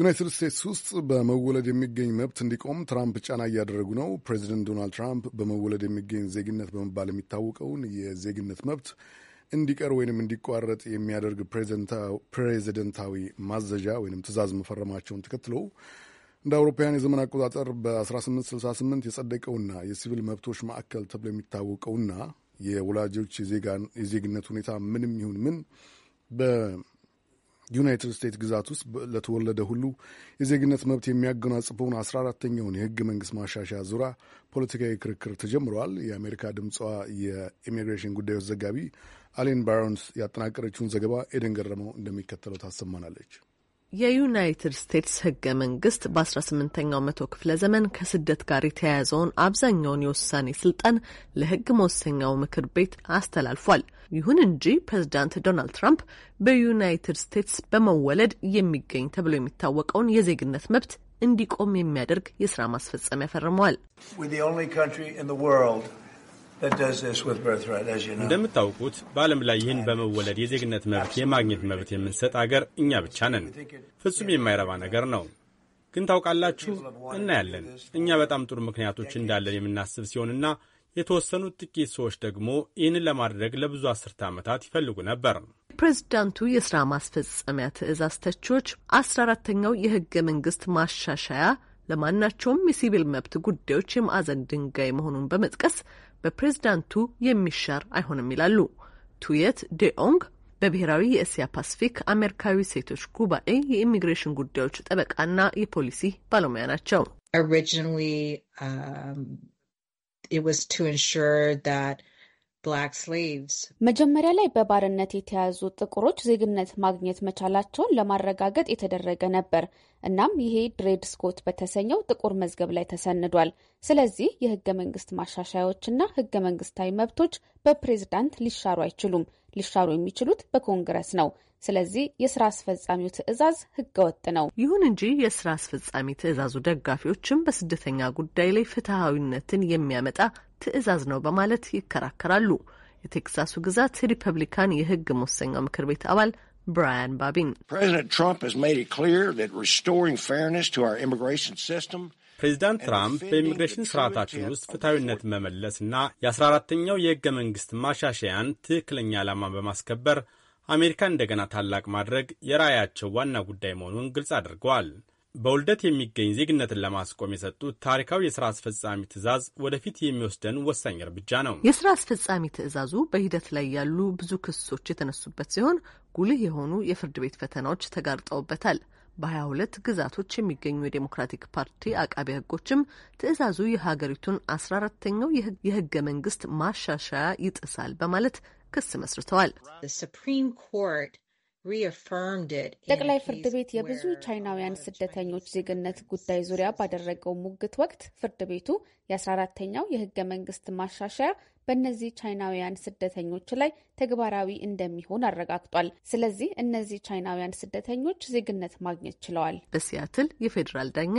ዩናይትድ ስቴትስ ውስጥ በመወለድ የሚገኝ መብት እንዲቆም ትራምፕ ጫና እያደረጉ ነው። ፕሬዚደንት ዶናልድ ትራምፕ በመወለድ የሚገኝ ዜግነት በመባል የሚታወቀውን የዜግነት መብት እንዲቀር ወይንም እንዲቋረጥ የሚያደርግ ፕሬዚደንታዊ ማዘዣ ወይንም ትዕዛዝ መፈረማቸውን ተከትሎ እንደ አውሮፓውያን የዘመን አቆጣጠር በ1868 የጸደቀውና የሲቪል መብቶች ማዕከል ተብሎ የሚታወቀውና የወላጆች የዜግነት ሁኔታ ምንም ይሁን ምን ዩናይትድ ስቴትስ ግዛት ውስጥ ለተወለደ ሁሉ የዜግነት መብት የሚያጎናጽፈውን አስራ አራተኛውን የህገ መንግስት ማሻሻያ ዙሪያ ፖለቲካዊ ክርክር ተጀምረዋል። የአሜሪካ ድምጿ የኢሚግሬሽን ጉዳዮች ዘጋቢ አሌን ባሮንስ ያጠናቀረችውን ዘገባ ኤደን ገረመው እንደሚከተለው ታሰማናለች። የዩናይትድ ስቴትስ ህገ መንግስት በ18ኛው መቶ ክፍለ ዘመን ከስደት ጋር የተያያዘውን አብዛኛውን የውሳኔ ስልጣን ለህግ መወሰኛው ምክር ቤት አስተላልፏል። ይሁን እንጂ ፕሬዚዳንት ዶናልድ ትራምፕ በዩናይትድ ስቴትስ በመወለድ የሚገኝ ተብሎ የሚታወቀውን የዜግነት መብት እንዲቆም የሚያደርግ የስራ ማስፈጸሚያ ፈርመዋል። እንደምታውቁት በዓለም ላይ ይህን በመወለድ የዜግነት መብት የማግኘት መብት የምንሰጥ አገር እኛ ብቻ ነን። ፍጹም የማይረባ ነገር ነው። ግን ታውቃላችሁ፣ እናያለን እኛ በጣም ጥሩ ምክንያቶች እንዳለን የምናስብ ሲሆንና የተወሰኑት ጥቂት ሰዎች ደግሞ ይህንን ለማድረግ ለብዙ አስርተ ዓመታት ይፈልጉ ነበር። ፕሬዚዳንቱ የሥራ ማስፈጸሚያ ትእዛዝ ተቺዎች አስራ አራተኛው የህገ መንግሥት ማሻሻያ ለማናቸውም የሲቪል መብት ጉዳዮች የማዕዘን ድንጋይ መሆኑን በመጥቀስ በፕሬዝዳንቱ የሚሻር አይሆንም ይላሉ። ቱየት ዴኦንግ በብሔራዊ የእስያ ፓሲፊክ አሜሪካዊ ሴቶች ጉባኤ የኢሚግሬሽን ጉዳዮች ጠበቃና የፖሊሲ ባለሙያ ናቸው። መጀመሪያ ላይ በባርነት የተያዙ ጥቁሮች ዜግነት ማግኘት መቻላቸውን ለማረጋገጥ የተደረገ ነበር። እናም ይሄ ድሬድ ስኮት በተሰኘው ጥቁር መዝገብ ላይ ተሰንዷል። ስለዚህ የህገ መንግስት ማሻሻያዎችና ህገ መንግስታዊ መብቶች በፕሬዝዳንት ሊሻሩ አይችሉም። ሊሻሩ የሚችሉት በኮንግረስ ነው። ስለዚህ የስራ አስፈጻሚው ትዕዛዝ ህገወጥ ነው። ይሁን እንጂ የስራ አስፈጻሚ ትዕዛዙ ደጋፊዎችም በስደተኛ ጉዳይ ላይ ፍትሐዊነትን የሚያመጣ ትዕዛዝ ነው በማለት ይከራከራሉ። የቴክሳሱ ግዛት ሪፐብሊካን የህግ መወሰኛው ምክር ቤት አባል ብራያን ባቢን ፕሬዚደንት ትራምፕ ፕሬዚዳንት ትራምፕ በኢሚግሬሽን ስርዓታችን ውስጥ ፍትሐዊነትን መመለስና የ14ተኛው የሕገ መንግሥት ማሻሻያን ትክክለኛ ዓላማን በማስከበር አሜሪካን እንደገና ታላቅ ማድረግ የራዕያቸው ዋና ጉዳይ መሆኑን ግልጽ አድርገዋል። በውልደት የሚገኝ ዜግነትን ለማስቆም የሰጡት ታሪካዊ የስራ አስፈጻሚ ትዕዛዝ ወደፊት የሚወስደን ወሳኝ እርምጃ ነው። የስራ አስፈጻሚ ትዕዛዙ በሂደት ላይ ያሉ ብዙ ክሶች የተነሱበት ሲሆን ጉልህ የሆኑ የፍርድ ቤት ፈተናዎች ተጋርጠውበታል። በ22 ግዛቶች የሚገኙ የዴሞክራቲክ ፓርቲ አቃቢ ህጎችም ትዕዛዙ የሀገሪቱን 14ተኛው የህገ መንግስት ማሻሻያ ይጥሳል በማለት ክስ መስርተዋል። ጠቅላይ ፍርድ ቤት የብዙ ቻይናውያን uh, ስደተኞች ዜግነት ጉዳይ ዙሪያ ባደረገው ሙግት ወቅት ፍርድ ቤቱ የ14ተኛው የህገ መንግስት ማሻሻያ በእነዚህ ቻይናውያን ስደተኞች ላይ ተግባራዊ እንደሚሆን አረጋግጧል። ስለዚህ እነዚህ ቻይናውያን ስደተኞች ዜግነት ማግኘት ችለዋል። በሲያትል የፌዴራል ዳኛ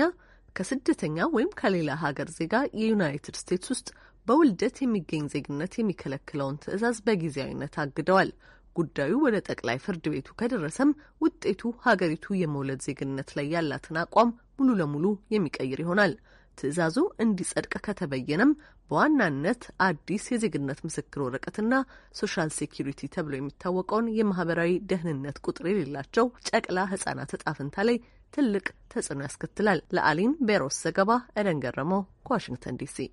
ከስደተኛ ወይም ከሌላ ሀገር ዜጋ የዩናይትድ ስቴትስ ውስጥ በውልደት የሚገኝ ዜግነት የሚከለክለውን ትዕዛዝ በጊዜያዊነት አግደዋል። ጉዳዩ ወደ ጠቅላይ ፍርድ ቤቱ ከደረሰም ውጤቱ ሀገሪቱ የመውለድ ዜግነት ላይ ያላትን አቋም ሙሉ ለሙሉ የሚቀይር ይሆናል። ትዕዛዙ እንዲጸድቅ ከተበየነም በዋናነት አዲስ የዜግነት ምስክር ወረቀትና ሶሻል ሴኪሪቲ ተብሎ የሚታወቀውን የማህበራዊ ደህንነት ቁጥር የሌላቸው ጨቅላ ህጻናት እጣ ፈንታ ላይ ትልቅ ተጽዕኖ ያስከትላል። ለአሊን ቤሮስ ዘገባ ኤደን ገረመው ከዋሽንግተን ዲሲ